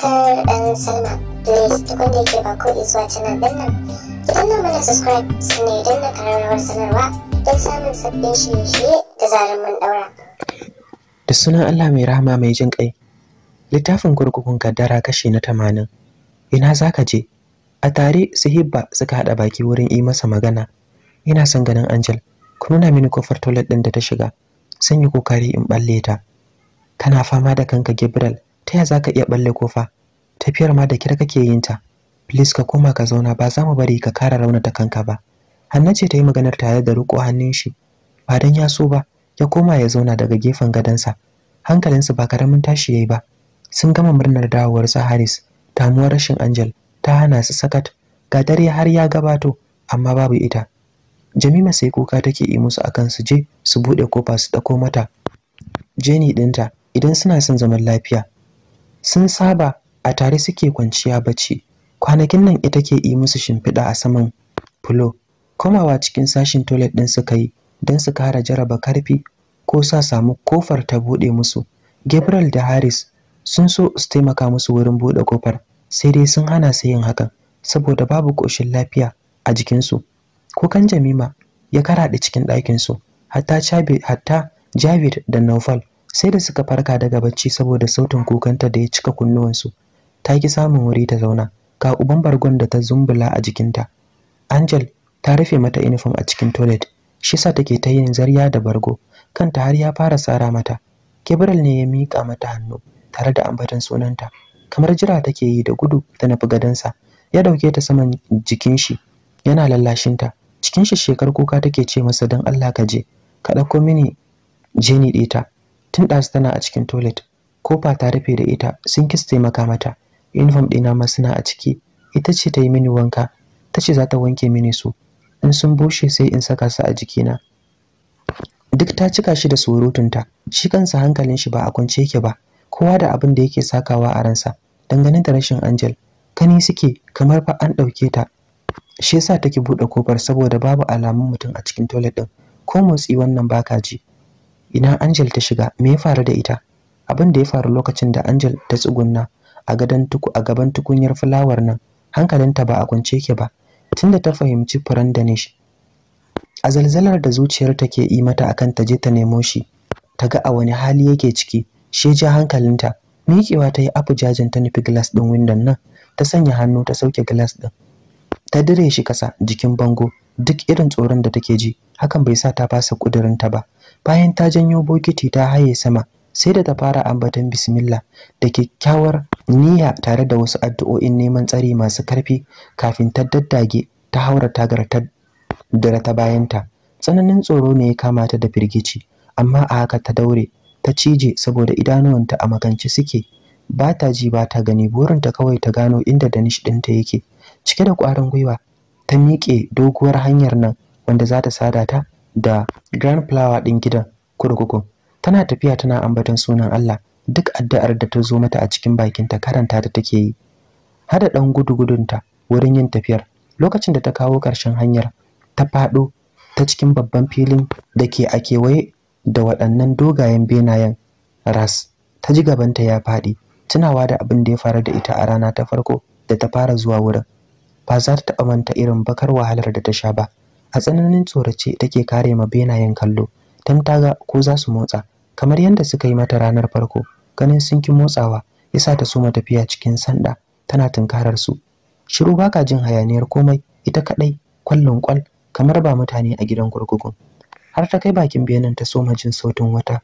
subscribe and sign up. Please tukun da ba ko zuwa canal nan. subscribe sannan idan na kararrawar sanarwa don samun sabbin shirye-shirye da zarar mun Da sunan Allah mai rahama mai jin kai. Littafin kurkukun kaddara kashi na tamanin. Ina za ka je? A tare su hibba suka haɗa baki wurin yi masa magana. Ina son ganin Angel. Ku nuna mini kofar toilet ɗin da ta shiga. Sanyi kokari in balle ta. Kana fama da kanka Gabriel. ta ya zaka iya balle kofa tafiyar ma da kira kake yin ta please ka koma ka zauna ba za mu bari ka kara rauna ta kanka ba Hanna ce ta yi maganar tare da riko hannun shi ba dan ya so ba ya koma ya zauna daga gefen gadansa hankalinsu ba karamin tashi yayi ba sun gama murnar dawowar sa Haris damuwar rashin Angel ta hana su sakat ga dare har ya gabato amma babu ita Jamima sai kuka take yi musu akan su je su bude kofa su dako mata Jenny dinta idan suna son zaman lafiya sun saba a tare suke kwanciya bacci kwanakin nan ita ke yi musu shimfiɗa a saman fulo komawa cikin sashin toilet ɗin suka yi don su kara jaraba karfi ko sa samu kofar ta buɗe musu gabriel da harris sun so su taimaka musu wurin buɗe kofar sai dai sun hana su yin hakan saboda babu ƙoshin lafiya a jikinsu kukan jamima ya karaɗe cikin ɗakinsu hatta hatta javid da naufal sai da suka farka daga bacci saboda sautin kukanta da ya cika kunnuwansu ta ki samun wuri ta zauna ga uban bargon da ta zumbula a jikinta angel ta rufe mata uniform a cikin toilet shi sa take ta yin zarya da bargo kanta har ya fara tsara mata kibral ne ya mika mata hannu tare da ambatan sunanta kamar jira take yi da gudu ta nufi gadonsa ya ɗauke ta saman jikin shi yana lallashinta cikin shi shekar kuka take ce masa don allah ka je ka ɗauko mini jini ɗeta tun ɗazu tana a cikin toilet kofa ta rufe da ita sun kisa taimaka mata uniform ɗina ma suna a ciki ita ce ta yi mini wanka ta ce za ta wanke mini su in sun bushe sai in saka su a jikina duk ta cika shi da surutunta shi kansa hankalin shi ba a kwance yake ba kowa da abin da yake sakawa a ransa dangane da rashin angel kani suke kamar fa an ɗauke ta shi yasa take buɗe kofar saboda babu alamun mutum a cikin toilet ɗin ko motsi wannan baka ji ina Angel ta shiga me ya faru da ita abin da ya faru lokacin da Angel ta tsugunna a gadan tuku a gaban tukunyar fulawar nan hankalinta ba a kwance yake ba tunda ta fahimci furen shi. a zalzalar da zuciyar ta ke yi mata akan ta je ta nemo shi ta ga a wani hali yake ciki shi ja hankalinta miƙewa ta yi abu jajin ta nufi glass ɗin windon nan ta sanya hannu ta sauke glass ɗin ta dire shi kasa jikin bango duk irin tsoron da take ji hakan bai sa ta fasa ta ba bayan ta janyo bokiti ta haye sama sai da ta fara ambaton bismillah da kyakkyawar niyya tare da wasu addu'o'in neman tsari masu karfi kafin ta daddage ta haura tagar ta ta bayanta tsananin tsoro ne ya kama ta da firgici amma a haka ta daure ta cije saboda idanuwanta a makance suke ba ta ji ba ta gani burinta kawai ta gano inda danish ɗinta yake cike da ƙwarin gwiwa ta miƙe doguwar hanyar nan wanda za ta sada ta da grand flower ɗin gidan kurkuku tana tafiya tana ambaton sunan Allah duk addu'ar da ta zo mata a cikin bakinta karanta ta take yi hada dan gudu-gudunta wurin yin tafiyar lokacin da ta kawo ƙarshen hanyar ta faɗo ta cikin babban filin da ke a kewaye da waɗannan dogayen benayen ras ta ji gabanta ya faɗi tunawa da abin da ya faru da ita a rana ta farko da ta fara zuwa wurin ba za ta taɓa manta irin bakar wahalar da ta sha ba a tsananin tsorace take kare ma benayen kallo tamtaga ta ko za su motsa kamar yadda suka yi mata ranar farko ganin sun ki motsawa yasa ta soma tafiya cikin sanda tana tunkarar su shiru baka jin hayaniyar komai ita kadai kwallon kwal kamar ba mutane a gidan kurkukun har ta kai bakin benin ta soma jin sautin wata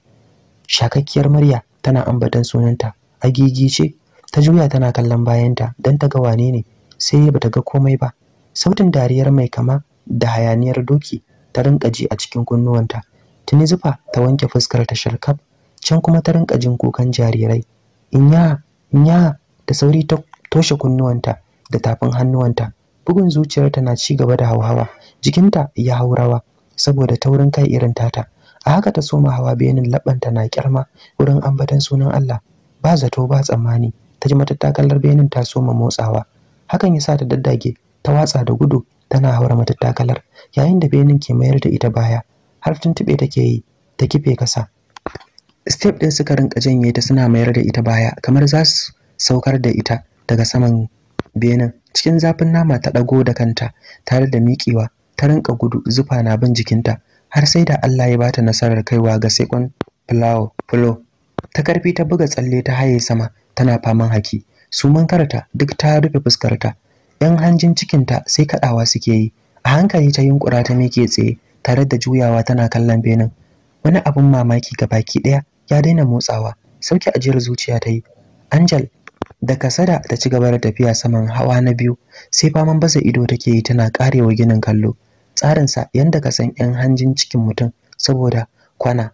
shakakkiyar murya tana ambaton sunanta agigi ce ta juya tana kallon bayanta don ta ga wane ne sai bata ga komai ba sautin dariyar mai kama da hayaniyar doki ta rinka ji a cikin kunnuwanta tuni zufa ta wanke fuskar ta sharkaf can kuma ta rinka jin kukan jarirai inya inya da sauri ta toshe kunnuwanta da tafin hannuwanta bugun zuciyarta na ci gaba da hauhawa jikinta ya haurawa saboda taurin kai irin tata a haka ta soma hawa benin labanta na kyarma wurin ambatan sunan Allah ba zato ba tsammani ta ji matattakalar benin ta soma motsawa hakan ya sa ta daddage ta watsa da gudu tana haura matattakalar yayin da benin ke mayar da ita baya har tuntube take yi ta kife kasa step ɗin suka rinka janye ta suna mayar da ita baya kamar za su saukar da ita daga saman benin cikin zafin nama ta ɗago da kanta tare da miƙewa ta rinka gudu zufa na bin jikinta har sai da Allah ya bata nasarar kaiwa ga sekon fulawa. fulo ta karfi ta buga tsalle ta haye sama tana faman haki suman karta duk ta rufe fuskarta 'yan hanjin cikinta sai kaɗawa suke yi a hankali ta yunkura ta miƙe tsaye tare da juyawa tana kallon benin wani abin mamaki ga baki ɗaya ya daina motsawa sauki ajiyar zuciya ta yi angel da kasada ta ci gaba da tafiya saman hawa na biyu sai faman baza ido take yi tana karewa ginin kallo tsarinsa yanda ka san 'yan hanjin cikin mutum saboda kwana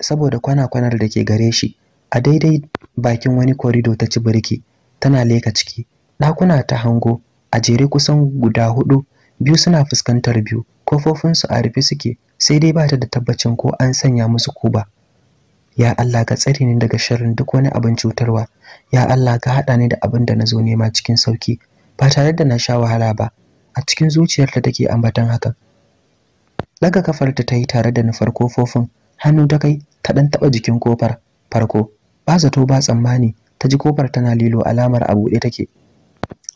saboda kwana-kwanar da ke gare shi a daidai bakin wani korido ta ci birki tana leka ciki ɗakuna ta hango a jere kusan guda hudu biyu suna fuskantar biyu kofofinsu a rufe suke sai dai ba ta da tabbacin ko an sanya musu ba ya Allah ka tsare ni daga shirin duk wani abin cutarwa ya Allah ka haɗa ni da abin da na zo nema cikin sauki ba tare da na sha wahala ba a cikin zuciyarta take ambatan hakan daga kafarta ta yi tare da nufar kofofin hannu ta kai ta dan taba jikin kofar farko ba zato ba tsammani ta ji kofar tana lilo alamar a buɗe take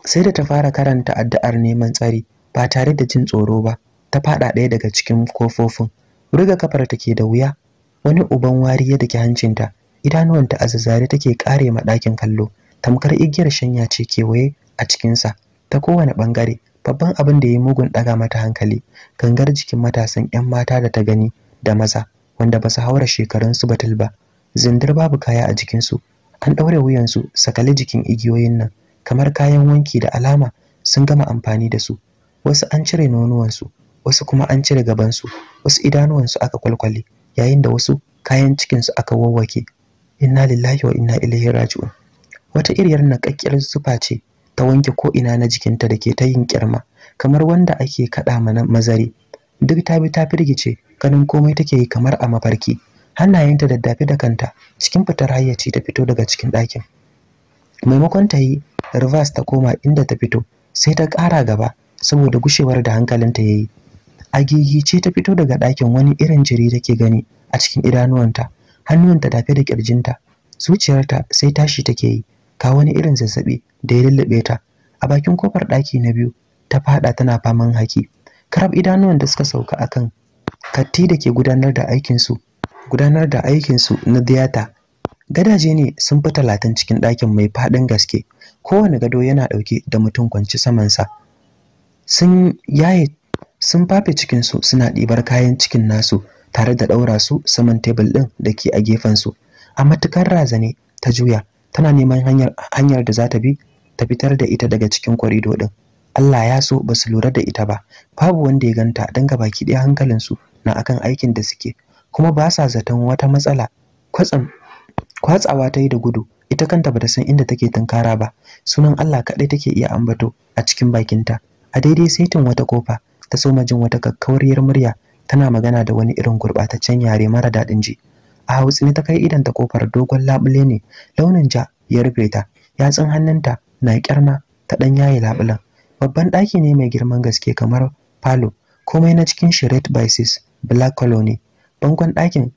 sai da ta fara karanta addu'ar neman tsari ba tare da jin tsoro ba ta faɗa ɗaya daga cikin kofofin riga kafar take da wuya wani uban wari ya dake hancinta Idanuwan a ta take kare ma ɗakin kallo tamkar igiyar shanya ce kewaye a cikinsa ta kowane ɓangare babban abin da ya yi mugun ɗaga mata hankali gangar jikin matasan 'yan mata da ta gani da maza wanda ba su haura su batul ba zindir babu kaya a jikinsu an ɗaure wuyansu sakale jikin igiyoyin nan kamar kayan wanki da alama sun gama amfani da su wasu an cire nonuwansu wasu kuma an cire gabansu wasu idanuwansu aka kwalkwale yayin da wasu kayan cikinsu aka wawwake inna lillahi wa inna ilaihi raji'un wata iriyar nakakkiyar zufa ce ta wanke ko ina na jikinta da ke ta yin kirma kamar wanda ake kaɗa mana mazari duk ta bi ta firgice ganin komai take yi kamar a mafarki hannayenta daddafe da kanta cikin fitar hayyaci ta fito daga cikin ɗakin maimakon ta yi reverse ta koma inda ta fito sai ta ƙara gaba saboda gushewar da hankalinta ya yi a ce ta fito daga ɗakin wani irin jiri take gani a cikin idanuwanta hannuwanta tafe da ƙirjinta zuciyarta sai tashi take yi ka wani irin zazzaɓi da ya lullube ta a bakin kofar ɗaki na biyu ta faɗa tana faman haki karab da suka sauka akan katti da ke gudanar da aikinsu gudanar da aikinsu na diyata gadaje ne sun fi talatin cikin ɗakin mai faɗin gaske kowane gado yana ɗauke da mutum kwanci samansa sun yaye sun fafe cikinsu suna ɗibar kayan cikin nasu tare da ɗaura su saman tebul ɗin da ke a su. a matukar razane ta juya tana neman hanyar, hanyar da za ta bi ta fitar da ita daga cikin kwarido ɗin Allah ya so ba su lura da ita ba babu wanda ya ganta don baki ɗaya hankalinsu na akan aikin da suke kuma ba sa zaton wata matsala kwatsawa tayi da gudu ita kanta bata san inda take tunkara ba sunan Allah kaɗai take iya ambato a cikin bakinta a daidai saitin wata kofa ta soma jin wata kakkauriyar murya tana magana da wani irin gurbataccen yare mara daɗin ji a hausa ne ta kai idan ta kofar dogon labule ne launin ja ya rufe ta yatsun hannunta na kyarma ta ɗan yayi labulen babban ɗaki ne mai girman gaske kamar Palo. komai na cikin shirit by black colony bangon ɗakin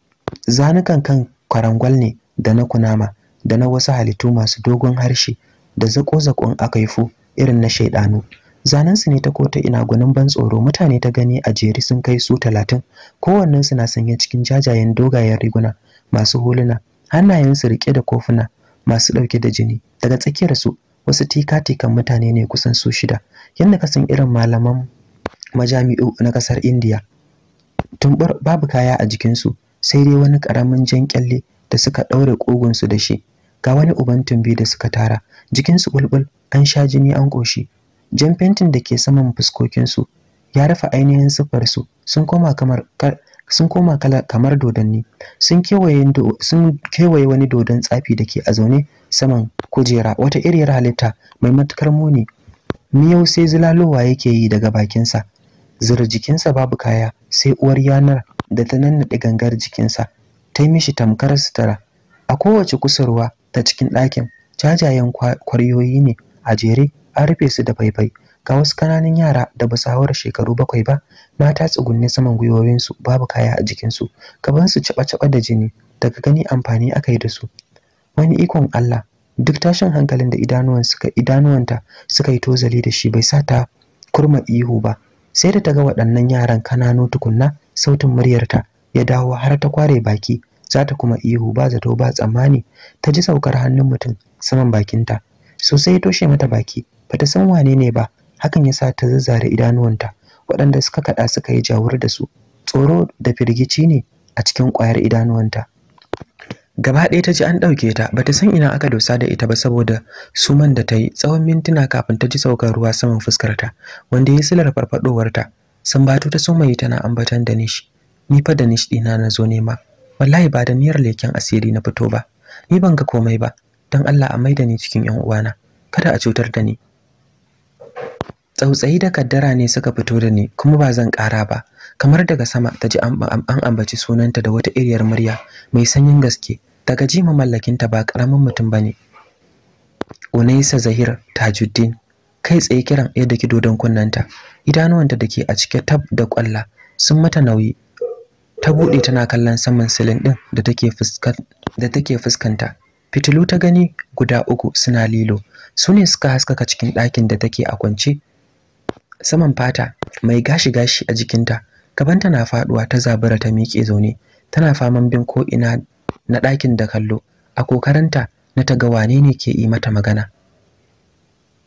zanukan kan kwarangwal ne da na kunama da na wasu halittu masu dogon harshe da zako-zakon akaifu irin na shaiɗanu. zanensu ne ta kota ina gwanin ban tsoro mutane ta gani a jeri sun kai su talatin kowannensu na sanye cikin jajayen dogayen riguna masu huluna hannayensu rike da kofuna masu ɗauke da jini daga tsakiyarsu wasu tika-tikan mutane ne kusan su shida yadda ka irin malaman majami'u na ƙasar indiya tumbar babu kaya a jikinsu sai dai wani ƙaramin jan kyalle da suka ɗaure ƙugunsu da shi ga wani uban tumbi da suka tara jikinsu bulbul an sha jini an ƙoshi jan fentin da ke saman fuskokinsu ya rufe ainihin siffarsu sun koma kamar sun koma kala kamar dodanni sun kewaye sun kewaye wani dodon tsafi da ke a zaune saman kujera wata iriyar halitta mai matukar muni miyau sai zulalowa yake yi daga bakinsa zura jikinsa babu kaya sai uwar yanar da ta nannaɗe gangar jikinsa ta yi mishi tamkar sutura a kowace kusurwa ta cikin ɗakin jajayen kwaryoyi ne a jere an rufe su da faifai ga wasu kananan yara da ba haura shekaru bakwai ba mata tsugunne saman gwiwowinsu babu kaya a jikinsu su caɓa-caɓa da jini daga gani amfani aka yi da su wani ikon Allah duk tashin hankalin da idanuwan suka idanuwanta suka yi tozali da shi bai sa ta kurma ihu ba sai da ta ga waɗannan yaran kananu tukunna sautin muryarta ya dawo har ta kware baki za ta kuma ihu ba zato ba tsammani ta ji saukar hannun mutum saman bakinta sosai ya toshe mata baki ba ta san wane ne ba hakan ya sa ta zazzare idanuwanta waɗanda suka kaɗa suka yi jawur da su tsoro da firgici ne a cikin ƙwayar idanuwanta gaba ɗaya ta ji an ɗauke ta ba ta san ina aka dosa da ita ba saboda suman da ta yi tsawon mintuna kafin ta ji saukar ruwa saman fuskarta wanda ya silar farfadowarta sambatu ta so mai tana ambatan nishi ni fa da nishi ɗina na zo nema wallahi ba da niyyar leken asiri na fito ba ni ban ga komai ba dan Allah a maida ni cikin yan uwana kada a cutar da ni tsautsayi da kaddara ne suka fito da ni kuma ba zan ƙara ba kamar daga sama ta ji an ambaci sunanta da wata iriyar murya mai sanyin gaske daga ji ta ba ƙaramin mutum bane ne unaisa zahir tajuddin kai tsaye kiran yadda daki dodon kunnanta idanuwanta da ke a cike tab da kwalla sun mata nauyi ta buɗe tana kallon saman silin ɗin da take da take fuskanta fitilu ta gani guda uku suna lilo su ne suka haskaka cikin ɗakin da take a kwance saman fata mai gashi-gashi a jikinta gabanta na faɗuwa ta zabura ta miƙe zaune tana faman bin ko ina na ɗakin da kallo a kokarinta na taga wane ne ke yi mata magana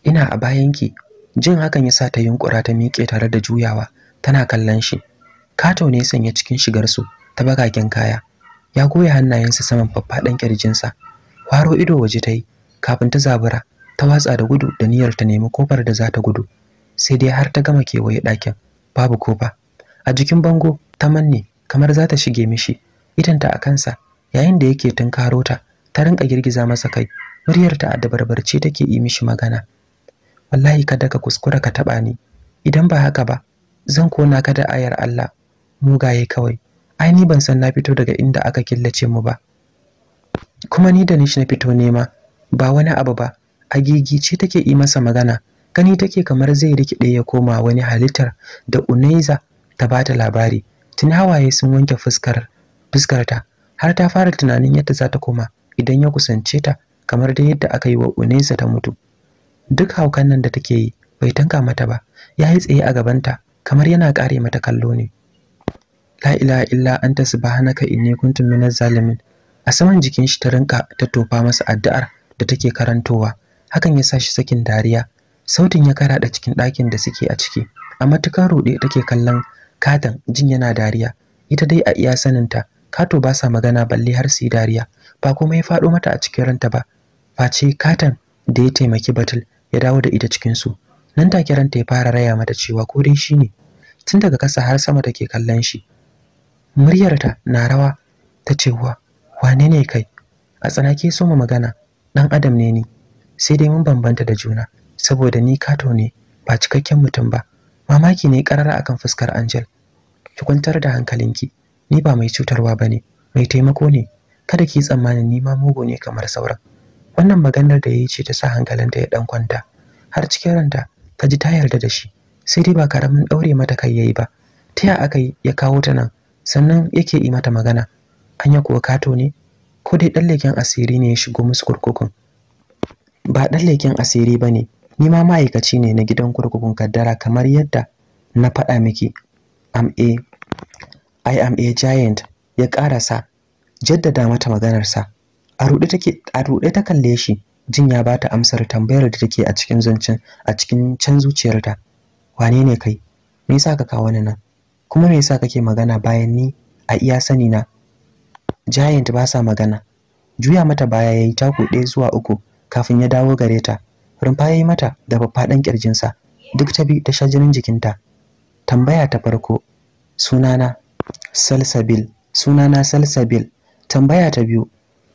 ina a bayanki jin hakan yasa ta yunkura ta miƙe tare da juyawa tana kallon shi kato ne sanya cikin shigarsu ta bakakin kaya ya goya hannayensa saman faffaɗan ƙirjinsa Kwaro ido waje ta yi kafin ta zabura ta watsa da gudu da niyyar ta nemi kofar da za ta gudu sai dai har ta gama kewaye ɗakin babu kofa a jikin bango ta manne kamar za ta shige mishi idanta a kansa yayin da yake tunkaro ta ta rinka girgiza masa kai muryarta a dabarbarce take yi mishi magana wallahi kada ka kuskura ka taɓa ni idan ba haka ba zan kona ka da ayar Allah mugaye kawai ai ni ban san na fito daga inda aka killace mu ba kuma ni da nishi na fito nema ba wani abu ba agigice take yi masa magana gani take kamar zai rikide ya koma wani halittar da uneza ta bata labari tun hawaye sun wanke fuskar fuskarta har ta fara tunanin yadda za ta koma idan ya kusance ta kamar dai yadda aka yi wa uneza ta mutu duk haukan nan da take yi bai tanka mata ba ya yi tsaye a gabanta kamar yana kare mata kallo ne la ilaha illa anta subhanaka inni kuntu minaz zalimin a saman jikin shi ta rinka ta tofa masa addu'ar da take karantowa hakan ya sa shi sakin dariya sautin ya karaɗa cikin ɗakin da suke a ciki a matukar ruɗe take kallon katon jin yana dariya ita dai a iya saninta kato ba sa magana balle har su yi dariya ba kuma ya faɗo mata a cikin ranta ba face katon da ya taimaki batul ya dawo da ita cikin su nan take ranta ya fara raya mata cewa ko dai shine tun daga kasa har sama take kallon shi muryarta na rawa ta cewa, wa wane ne kai a tsanake soma magana ɗan adam ne ni sai dai mun bambanta da juna saboda ni kato ne ba cikakken mutum ba mamaki ne karara akan fuskar Angel ki kwantar da hankalinki ni ba mai cutarwa bane mai taimako ne kada ki tsammanin ni ma mugu ne kamar sauran wannan maganar da yayi ce ta sa hankalinta ya dan kwanta har cikin ranta ta ji ta yarda da shi sai dai ba karamin daure mata kai yayi ba ta ya aka yi ya kawo ta nan sannan yake yi mata magana anya kuwa kato ne ko dai ɗan leken asiri ne ya shigo musu kurkukun ba ɗan leken asiri ba ne, ni ma ma'aikaci ne na gidan kurkukun kaddara kamar yadda na faɗa miki am a i am a giant ya ƙarasa jaddada mata maganarsa a ruɗe ta kalle shi jin ya bata amsar tambayar da take a cikin zancen a cikin can zuciyarta wane ne kai me yasa ka kawo ni nan kuma me yasa kake magana bayan ni a iya sani na giant ba sa magana juya mata baya yayi taku ɗaya zuwa uku kafin ya dawo gare ta rumfa yayi mata da faffaɗan kirjinsa duk ta bi ta sha jinin jikinta tambaya ta farko sunana salsabil sunana salsabil tambaya ta biyu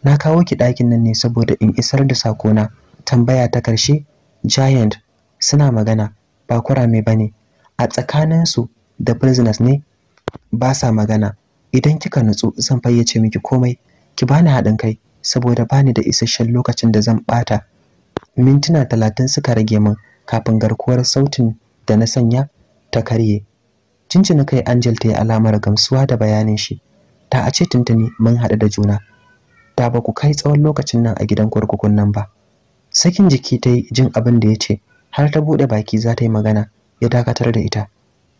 na kawo ki ɗakin nan ne saboda in isar da sakona tambaya ta karshe giant suna magana ba kurame bane a tsakaninsu da prisoners ne ba sa magana idan kika nutsu zan fayyace miki komai ki bani haɗin kai saboda bani da isasshen lokacin da zan ɓata mintuna talatin suka rage min kafin garkuwar sautin da na sanya ta karye cincina kai angel ta yi alamar gamsuwa da bayanin shi ta a ce tuntuni mun haɗu da juna Da ba ku kai tsawon lokacin nan a gidan kurkukun nan ba sakin jiki ta yi jin abin da ya ce har ta buɗe baki za ta yi magana ya dakatar da ita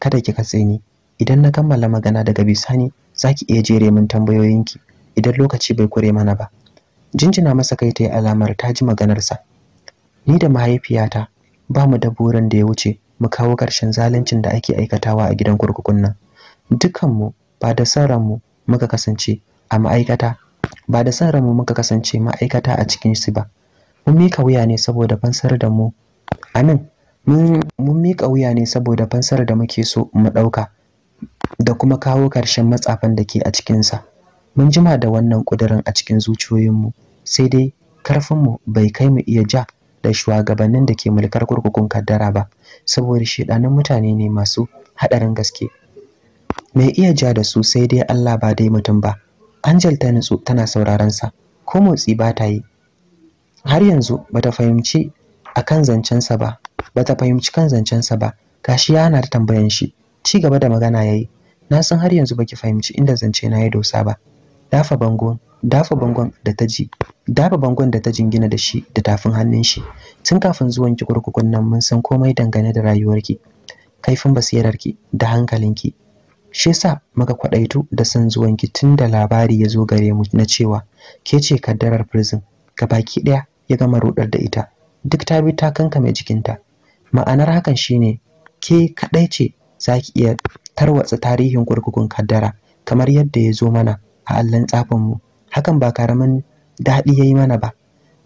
kada ki katse ni idan na kammala magana daga bisani zaki iya jere min tambayoyinki idan lokaci bai kure mana ba jinjina masa kai ta yi alamar ta ji maganarsa ni da mahaifiyata ba mu da burin da ya wuce mu kawo karshen zaluncin da ake aikatawa a gidan kurkukun nan mu ba da saran ranmu muka kasance a ma'aikata ba da saran ranmu muka kasance ma'aikata a cikin su ba mun mika wuya ne saboda fansar da mu amin mun miƙa wuya ne saboda fansar da muke so mu ɗauka da kuma kawo ƙarshen matsafan da ke a cikinsa mun jima da wannan ƙudurin a cikin zuciyoyinmu sai dai karfinmu bai kai mu iya ja da shugabannin da ke mulkar kurkukun kaddara ba saboda shiɗanin mutane ne masu haɗarin gaske mai iya ja da su sai dai Allah ba dai mutum ba Angel ta nutsu tana sauraron sa ko motsi ba ta yi har yanzu bata fahimci a akan zancensa ba bata fahimci kan zancensa ba gashi ya hana tambayan shi ci gaba da magana yayi na san har yanzu baki fahimci inda zance na ya dosa ba dafa bango dafa bangon da ta ji dafa bangon da ta jingina da shi da tafin hannun shi tun kafin zuwan ki kurkukun nan mun san komai dangane da rayuwarki kaifin basirarki da hankalinki shi yasa muka kwadaitu da san zuwanki tun da labari ya zo gare mu na cewa ke ce kaddarar prison baki daya ya gama rudar da ita duk ta bi ta kankame jikinta ma'anar hakan shine ke kaɗai ce za ki iya tarwatsa tarihin kurkukun kaddara kamar yadda ya zo mana a allon mu. hakan ba karamin daɗi ya yi mana ba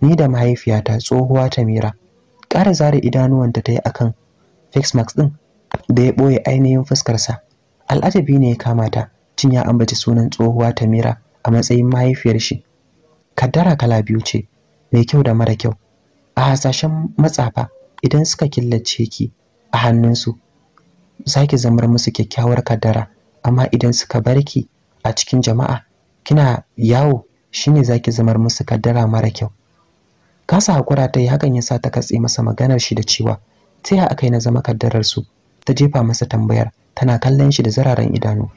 ni da mahaifiyata tsohuwa tamira ƙara zare idanuwanta ta yi akan kan mask ɗin da ya ɓoye ainihin fuskarsa al'ajabi ne ya kamata ta ya ambaci sunan tsohuwa tamira a matsayin mahaifiyar shi kaddara kala biyu ce mai kyau da mara kyau a hasashen matsafa idan suka killace ki a hannunsu za ki zamar musu kyakkyawar kaddara amma idan suka bar ki a cikin jama'a kina yawo shine za ki zamar musu kaddara mara kyau kasa hakura ta yi hakan yasa sa ta katse masa maganar shi da cewa ta yi akai na zama kaddararsu ta jefa masa tambayar tana kallon shi da zararen idanu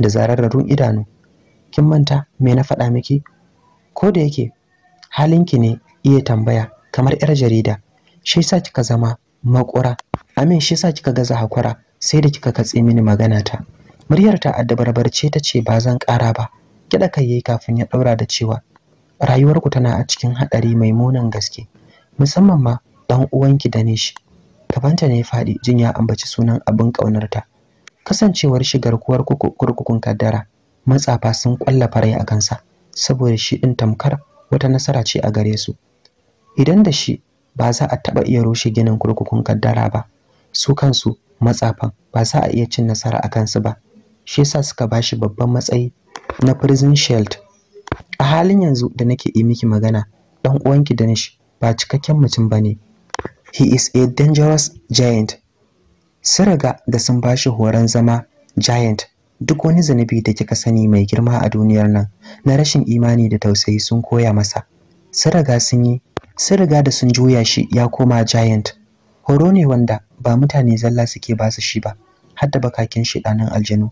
da zararrarun idanu kin manta me na faɗa miki ko da yake halinki ne iya tambaya kamar 'yar jarida shi yasa kika zama makura amin shi yasa kika gaza hakura sai da kika katse mini magana ta muryar ta addabarbarce ta ce ba zan ƙara ba kiɗa kai yayi kafin ya daura da cewa rayuwarku tana a cikin haɗari mai munin gaske musamman ma dan uwanki da Danish Kabanta ne faɗi jin ya ambaci sunan abin ƙaunarta kasancewar shigar kuwar kurkukun kaddara matsafa sun kwalla farai a kansa saboda shi din tamkar wata nasara ce a gare su idan da shi ba za a taɓa iya rushe ginin kurkukun kaddara ba su kansu matsafan ba za a iya cin nasara a kansu ba shi yasa suka bashi babban matsayi na prison shield a halin yanzu da nake yi miki magana dan uwanki danish ba cikakken mutum ba ne he is a dangerous giant siraga da sun bashi shi horon zama giant duk wani zunubi da kika sani mai girma a duniyar nan na rashin imani da tausayi sun koya masa sun riga sun yi sun riga da sun juya shi ya koma giant horo ne wanda ba mutane zalla suke ba su shi ba har da bakakin shiɗanan aljanu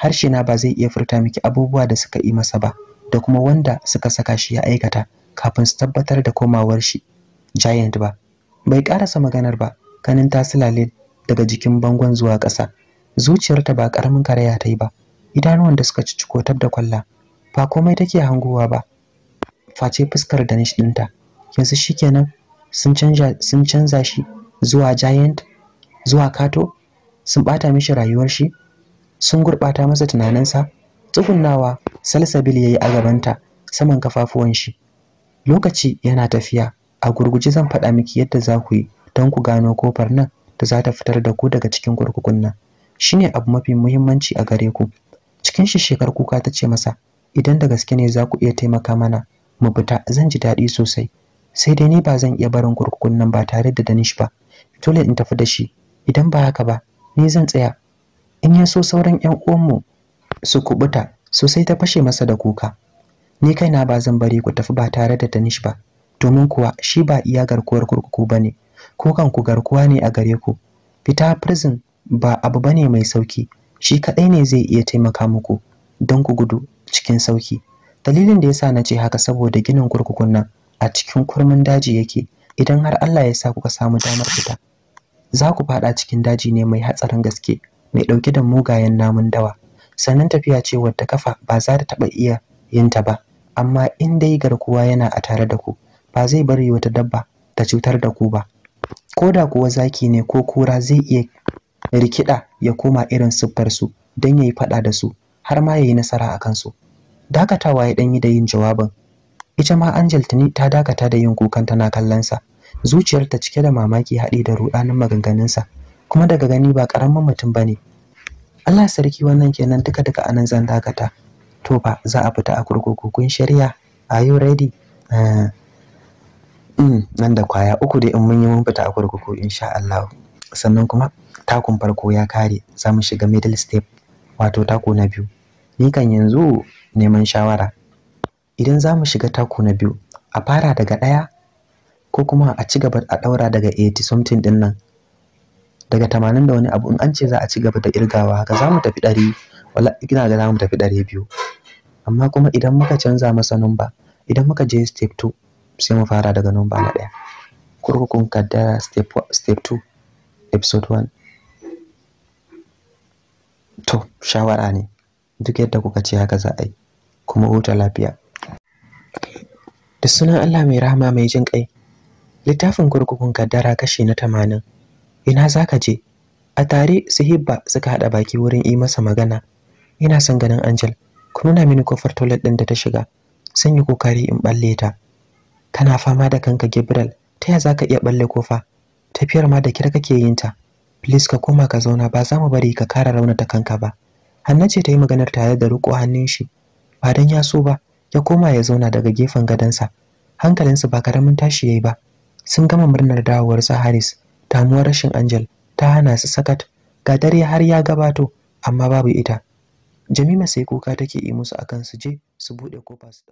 harshe na ba zai iya furta miki abubuwa da suka yi masa ba da kuma wanda suka saka shi ya aikata kafin su tabbatar da komawar shi giant ba bai ƙarasa maganar ba kanin ta silale daga jikin bangon zuwa ƙasa zuciyarta ba ƙaramin karaya ta yi ba idanuwan da suka ci tab da kwalla ba komai take hangowa ba face fuskar danish ɗinta yanzu shikenan sun canja sun canza shi zuwa giant zuwa kato sun bata mishi rayuwar shi sun gurɓata masa tunaninsa tsugunnawa salsabil yayi a gabanta saman kafafuwan shi lokaci yana tafiya a gurguje zan faɗa miki yadda za ku yi don ku gano kofar nan da za ta fitar da ku daga cikin kurkukun nan shine abu mafi muhimmanci a gare ku cikin shi shekar kuka ta ce masa idan da gaske ne za ku iya taimaka mana mu fita zan ji daɗi sosai sai dai ni ba zan iya barin kurkukun nan ba tare da danish ba dole in tafi da shi idan ba haka ba ni zan tsaya in ya so sauran ƴan uwanmu su kubuta sosai ta fashe masa da kuka ni kaina ba zan bari ku tafi ba tare da danish ba domin kuwa shi ba iya garkuwar kurkuku bane ko ku garkuwa ne a gare ku fita prison ba abu bane mai sauki shi kadai ne zai iya taimaka muku don ku gudu cikin sauki dalilin da yasa na ce haka saboda ginin kurkukun nan a cikin kurmin daji yake idan har Allah ya sa kuka samu damar fita za ku fada cikin daji ne mai hatsarin gaske mai dauke da mugayen namun dawa sannan tafiya ce wadda kafa ba za ta taba iya yin ta ba amma in dai garkuwa yana a tare da ku ba zai bari wata dabba ta cutar da ku ba ko da kuwa zaki ne ko kura zai iya rikida ya koma irin siffar su don yayi fada da su har ma yayi nasara a kansu dakatawa ya danyi da yin jawabin ita ma angel tuni ta dakata da yin kukan tana kallon kallonsa zuciyarta cike da mamaki haɗi da maganganun maganganunsa kuma daga gani ba karamin mutum ba ne allah sarki wannan kenan duka duka anan zan dakata to ba za a fita a kurkuku kun shirya are you ready mm, nan da kwaya uku dai in mun yi mun fita a kurkuku insha allah sannan kuma takun farko ya kare za mu shiga middle step wato tako na biyu ni kan yanzu neman shawara idan za mu shiga taku na biyu a fara daga ɗaya ko kuma a ci gaba a ɗaura daga 80 something ɗin nan daga tamanin da wani abu in an ce za a ci gaba da irgawa haka za mu tafi ɗari wala ina ga za mu tafi ɗari biyu amma kuma idan muka canza masa numba idan muka je step 2 sai mu fara daga numba na ɗaya kurkukun kaddara step, step 2 episode 1 to shawara ne duk yadda kuka ce haka za a yi kuma huta lafiya da sunan Allah mai rahama mai jin kai littafin kurkukun kaddara kashi na tamanin ina za ka je a tare su hibba suka haɗa baki wurin yi masa magana ina son ganin angel ku nuna mini kofar toilet ɗin da ta shiga sun yi kokari in balle ta kana fama da kanka gabriel ta yaya za ka iya balle kofa tafiyar ma da kira kake yin ta please ka koma ka zauna ba za mu bari ka kara raunata kanka ba Hanna ce ta yi maganar tare da riko hannun shi. Ba dan ya so ba, ya koma ya zauna daga gefen gadonsa. Hankalinsa ba karamin tashi yayi ba. Sun gama murnar dawowar sa Haris, tamuwar rashin Angel ta hana su sakat. Ga dare har ya gabato, amma babu ita. Jamima sai kuka take yi musu akan su je su bude kofa su